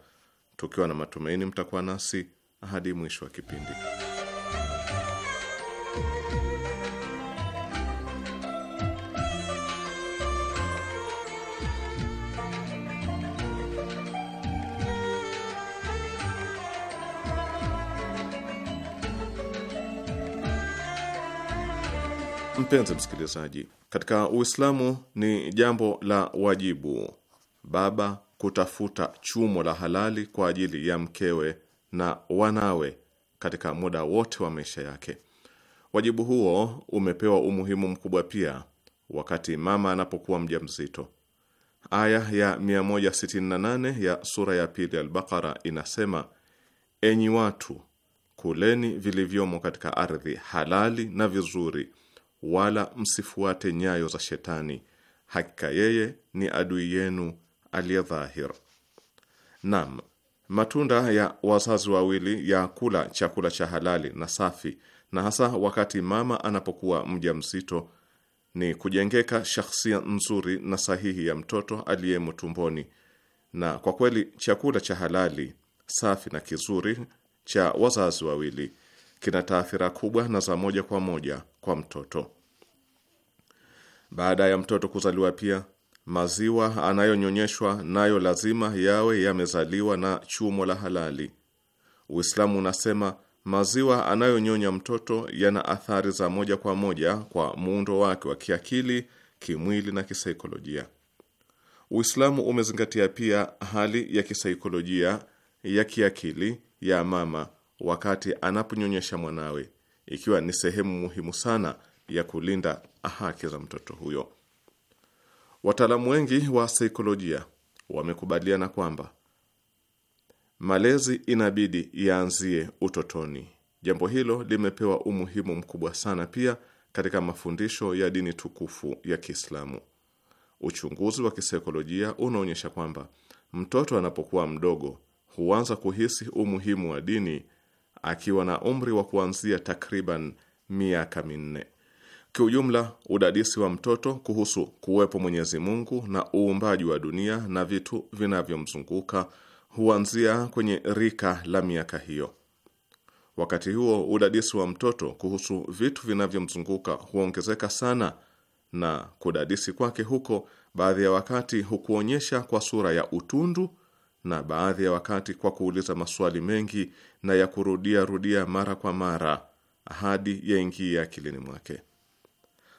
[SPEAKER 3] tukiwa na matumaini mtakuwa nasi hadi mwisho wa kipindi. Mpenzi msikilizaji, katika Uislamu ni jambo la wajibu baba kutafuta chumo la halali kwa ajili ya mkewe na wanawe katika muda wote wa maisha yake. Wajibu huo umepewa umuhimu mkubwa pia wakati mama anapokuwa mjamzito. Aya ya 168 ya sura ya pili Al-Baqara inasema: enyi watu, kuleni vilivyomo katika ardhi halali na vizuri, wala msifuate nyayo za Shetani, hakika yeye ni adui yenu aliye dhahir. Naam, matunda ya wazazi wawili ya kula chakula cha halali na safi, na hasa wakati mama anapokuwa mja mzito ni kujengeka shakhsia nzuri na sahihi ya mtoto aliyemo tumboni. Na kwa kweli chakula cha halali safi na kizuri cha wazazi wawili kina taathira kubwa na za moja kwa moja kwa mtoto. Baada ya mtoto kuzaliwa, pia maziwa anayonyonyeshwa nayo lazima yawe yamezaliwa na chumo la halali. Uislamu unasema maziwa anayonyonya mtoto yana athari za moja kwa moja kwa muundo wake wa kiakili, kimwili na kisaikolojia. Uislamu umezingatia pia hali ya kisaikolojia ya kiakili ya mama wakati anaponyonyesha mwanawe, ikiwa ni sehemu muhimu sana ya kulinda haki za mtoto huyo. Wataalamu wengi wa saikolojia wamekubaliana kwamba malezi inabidi yaanzie utotoni. Jambo hilo limepewa umuhimu mkubwa sana pia katika mafundisho ya dini tukufu ya Kiislamu. Uchunguzi wa kisaikolojia unaonyesha kwamba mtoto anapokuwa mdogo huanza kuhisi umuhimu wa dini akiwa na umri wa kuanzia takriban miaka minne. Kiujumla, udadisi wa mtoto kuhusu kuwepo Mwenyezi Mungu na uumbaji wa dunia na vitu vinavyomzunguka huanzia kwenye rika la miaka hiyo. Wakati huo, udadisi wa mtoto kuhusu vitu vinavyomzunguka huongezeka sana, na kudadisi kwake huko baadhi ya wakati hukuonyesha kwa sura ya utundu na baadhi ya wakati kwa kuuliza maswali mengi na ya kurudia rudia mara kwa mara hadi yaingie akilini mwake.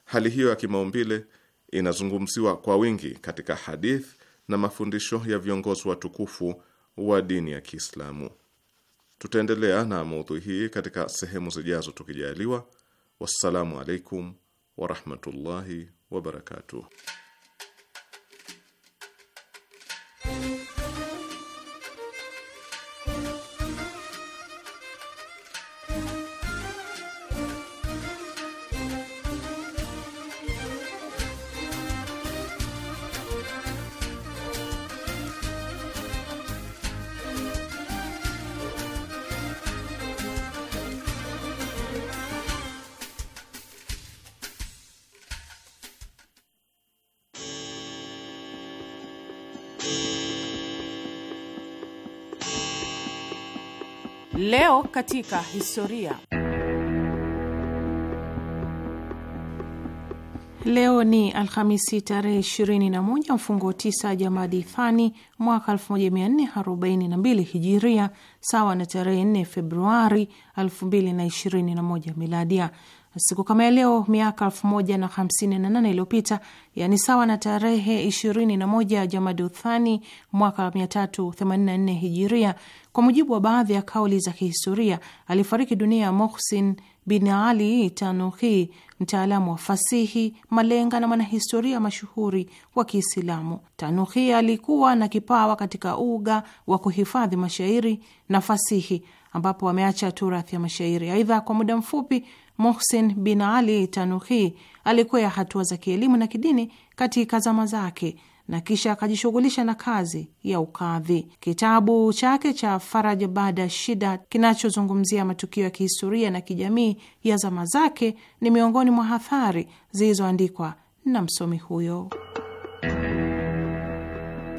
[SPEAKER 3] Hali hiyo ya kimaumbile inazungumziwa kwa wingi katika hadith na mafundisho ya viongozi watukufu wa dini ya Kiislamu. Tutaendelea na maudhui hii katika sehemu zijazo tukijaliwa. Wassalamu alaikum warahmatullahi wabarakatuh.
[SPEAKER 1] Leo katika historia. Leo ni Alhamisi tarehe 21 mfungo 9 Jamadi Thani mwaka 1442 Hijiria, sawa na tarehe 4 Februari 2021 Miladia. Siku kama ya leo miaka elfu moja na hamsini na nane iliyopita, yani sawa na tarehe ishirini na moja Jamaduthani mwaka 384 Hijiria, kwa mujibu wa baadhi ya kauli za kihistoria, alifariki dunia ya Mohsin bin Ali Tanuhi, mtaalamu wa fasihi, malenga na mwanahistoria mashuhuri wa Kiislamu. Tanuhi alikuwa na kipawa katika uga wa kuhifadhi mashairi na fasihi, ambapo ameacha turathi ya mashairi. Aidha, kwa muda mfupi Mohsen bin Ali Tanuhi alikwea hatua za kielimu na kidini katika zama zake na kisha akajishughulisha na kazi ya ukadhi. Kitabu chake cha Faraja baada ya shida, kinachozungumzia matukio ya kihistoria na kijamii ya zama zake, ni miongoni mwa hathari zilizoandikwa na msomi huyo.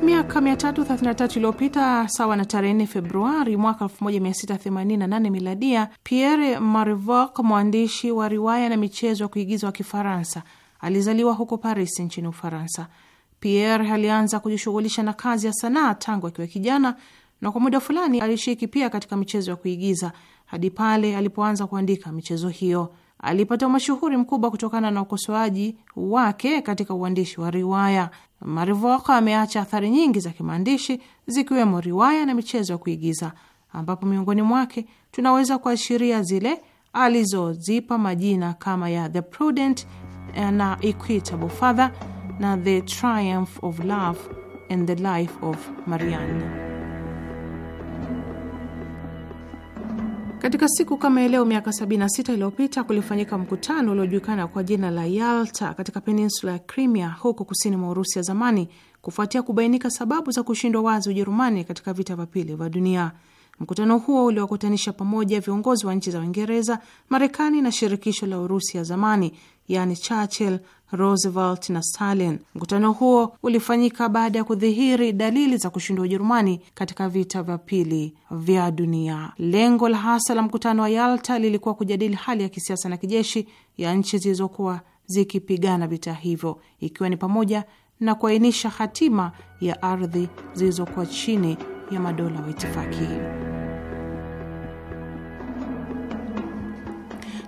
[SPEAKER 1] Miaka 333 iliyopita sawa na tarehe 4 Februari mwaka 1688 miladia, Pierre Marivaux, mwandishi wa riwaya na michezo ya kuigiza wa Kifaransa, alizaliwa huko Paris nchini Ufaransa. Pierre alianza kujishughulisha na kazi ya sanaa tangu akiwa kijana na kwa muda fulani alishiriki pia katika michezo ya kuigiza hadi pale alipoanza kuandika michezo hiyo. Alipata mashuhuri mkubwa kutokana na ukosoaji wake katika uandishi wa riwaya. Marivoka ameacha athari nyingi za kimaandishi zikiwemo riwaya na michezo ya kuigiza, ambapo miongoni mwake tunaweza kuashiria zile alizozipa majina kama ya The Prudent eh, na Equitable Father na The Triumph of Love and The Life of Marianne. Katika siku kama ya leo miaka 76 iliyopita kulifanyika mkutano uliojulikana kwa jina la Yalta katika peninsula ya Crimea huko kusini mwa Urusi ya zamani kufuatia kubainika sababu za kushindwa wazi Ujerumani katika vita vya pili vya dunia. Mkutano huo uliwakutanisha pamoja viongozi wa nchi za Uingereza, Marekani na shirikisho la Urusi ya zamani, yaani Churchill, Roosevelt na Stalin. Mkutano huo ulifanyika baada ya kudhihiri dalili za kushindwa Ujerumani katika vita vya pili vya dunia. Lengo la hasa la mkutano wa Yalta lilikuwa kujadili hali ya kisiasa na kijeshi ya nchi zilizokuwa zikipigana vita hivyo, ikiwa ni pamoja na kuainisha hatima ya ardhi zilizokuwa chini ya madola wa itifaki.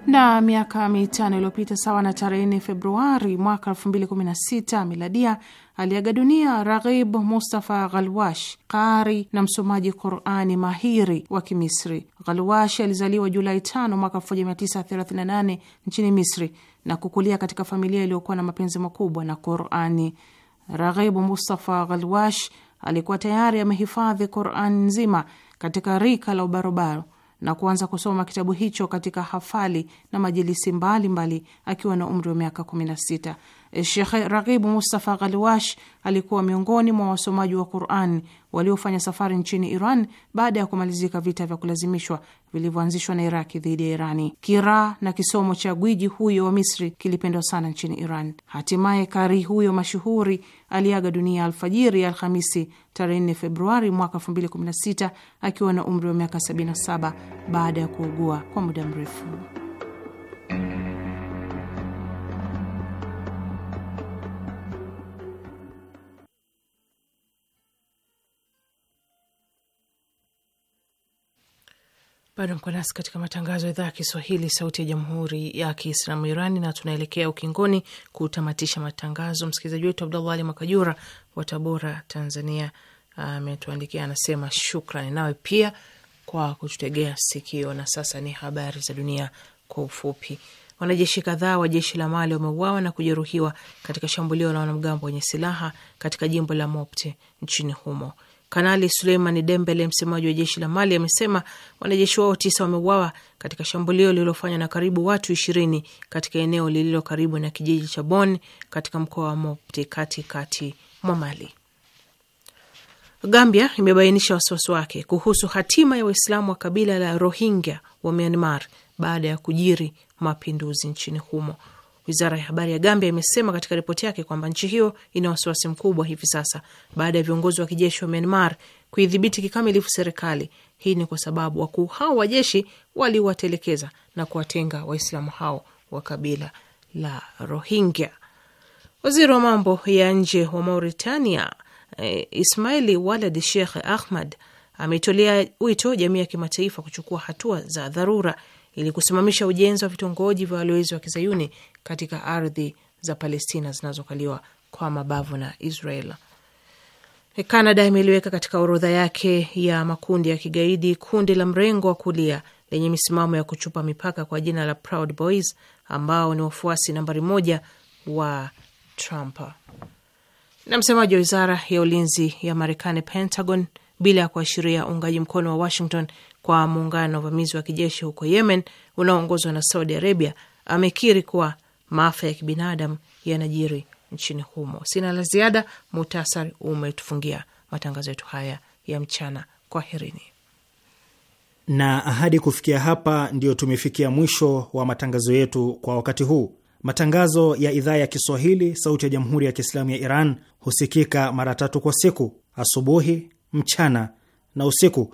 [SPEAKER 1] Na miaka mitano iliyopita, sawa na tarehe 4 Februari mwaka 2016 miladia, aliaga dunia Raghib Mustafa Ghalwash, qari na msomaji Qurani mahiri wa Kimisri. Ghalwash alizaliwa Julai 5 mwaka 1938 nchini Misri na kukulia katika familia iliyokuwa na mapenzi makubwa na Qurani. Raghib Mustafa Ghalwash alikuwa tayari amehifadhi Qurani nzima katika rika la ubarobaro na kuanza kusoma kitabu hicho katika hafali na majilisi mbalimbali akiwa na umri wa miaka kumi na sita Eh, Shekhe Ragibu Mustafa Ghalwash alikuwa miongoni mwa wasomaji wa Quran waliofanya safari nchini Iran baada ya kumalizika vita vya kulazimishwa vilivyoanzishwa na Iraki dhidi ya Irani. Kiraa na kisomo cha gwiji huyo wa Misri kilipendwa sana nchini Iran. Hatimaye kari huyo mashuhuri aliaga dunia alfajiri ya Alhamisi tarehe 4 Februari mwaka 2016 akiwa na umri wa miaka 77 baada ya kuugua kwa muda mrefu. Bado mko nasi katika matangazo ya idhaa ya Kiswahili, sauti ya jamhuri ya kiislamu Irani, na tunaelekea ukingoni kutamatisha matangazo. Msikilizaji wetu Abdallah Ali Makajura wa Tabora, Tanzania, ametuandikia anasema shukrani nawe pia kwa kututegea sikio. Na sasa ni habari za dunia kwa ufupi. Wanajeshi kadhaa wa jeshi la Mali wameuawa na kujeruhiwa katika shambulio la wanamgambo wenye silaha katika jimbo la Mopti nchini humo. Kanali Suleiman Dembele, msemaji wa jeshi la Mali, amesema wanajeshi wao tisa wameuawa katika shambulio lililofanywa na karibu watu ishirini katika eneo lililo karibu na kijiji cha Bon katika mkoa wa Mopti katikati mwa Mali. Gambia imebainisha wasiwasi wake kuhusu hatima ya Waislamu wa kabila la Rohingya wa Myanmar baada ya kujiri mapinduzi nchini humo. Wizara ya habari ya Gambia imesema katika ripoti yake kwamba nchi hiyo ina wasiwasi mkubwa hivi sasa baada ya viongozi wa kijeshi wa Myanmar kuidhibiti kikamilifu serikali. Hii ni kwa sababu wakuu hao wa jeshi waliwatelekeza na kuwatenga Waislamu hao wa kabila la Rohingya. Waziri wa mambo ya nje wa Mauritania eh, Ismaili Walad Sheikh Ahmad ametolea wito jamii ya kimataifa kuchukua hatua za dharura ili kusimamisha ujenzi wa vitongoji vya walowezi wa kizayuni katika ardhi za Palestina zinazokaliwa kwa mabavu na Israel. Kanada e, imeliweka katika orodha yake ya makundi ya kigaidi kundi la mrengo wa kulia lenye misimamo ya kuchupa mipaka kwa jina la Proud Boys ambao ni wafuasi nambari moja wa Trump. Na msemaji wa wizara ya ulinzi ya Marekani, Pentagon, bila ya kuashiria uungaji mkono wa Washington kwa muungano wa uvamizi wa kijeshi huko Yemen unaoongozwa na Saudi Arabia amekiri kuwa maafa ya kibinadamu yanajiri nchini humo. Sina la ziada, muhtasari umetufungia matangazo yetu haya ya mchana. Kwaherini
[SPEAKER 2] na ahadi. Kufikia hapa, ndiyo tumefikia mwisho wa matangazo yetu kwa wakati huu. Matangazo ya idhaa ya Kiswahili, sauti ya jamhuri ya kiislamu ya Iran husikika mara tatu kwa siku: asubuhi, mchana na usiku.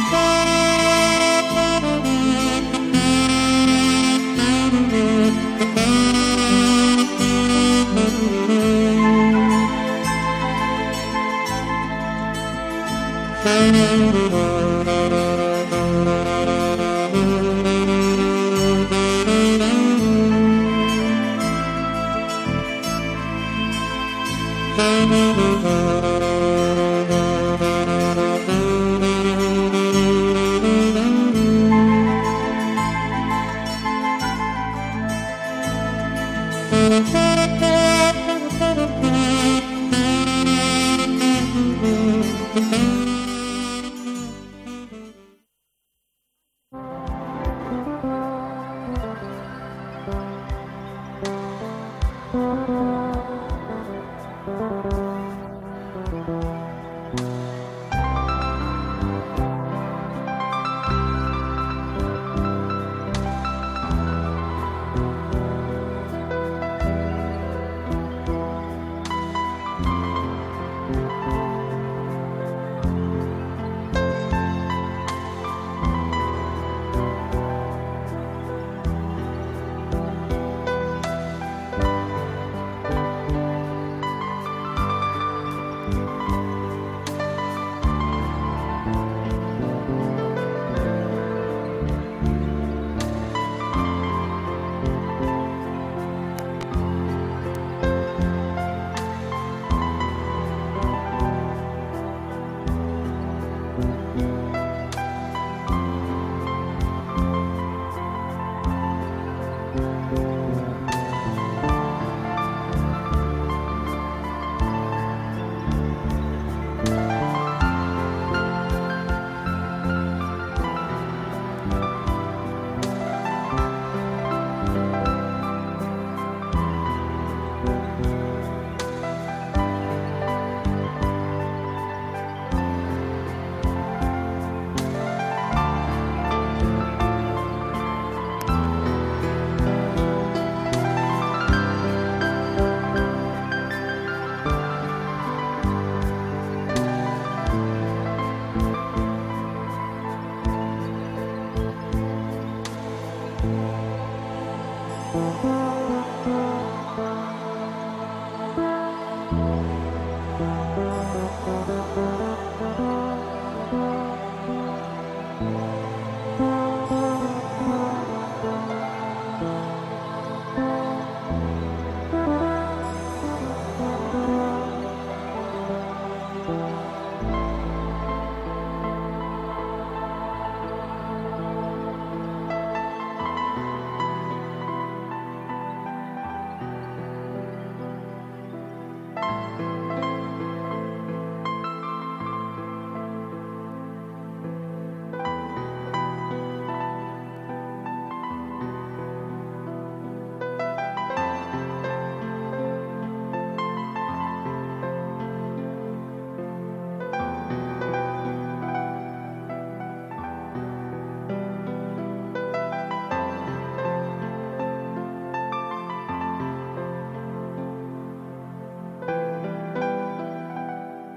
[SPEAKER 5] Bye.